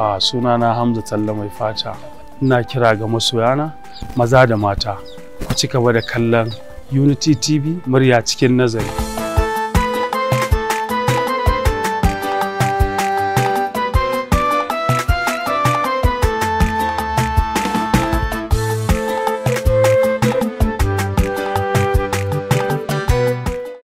a sunana hamza talla mai fata ina kira ga masoyana maza da mata ku ci gaba da kallon unity tv murya cikin nazari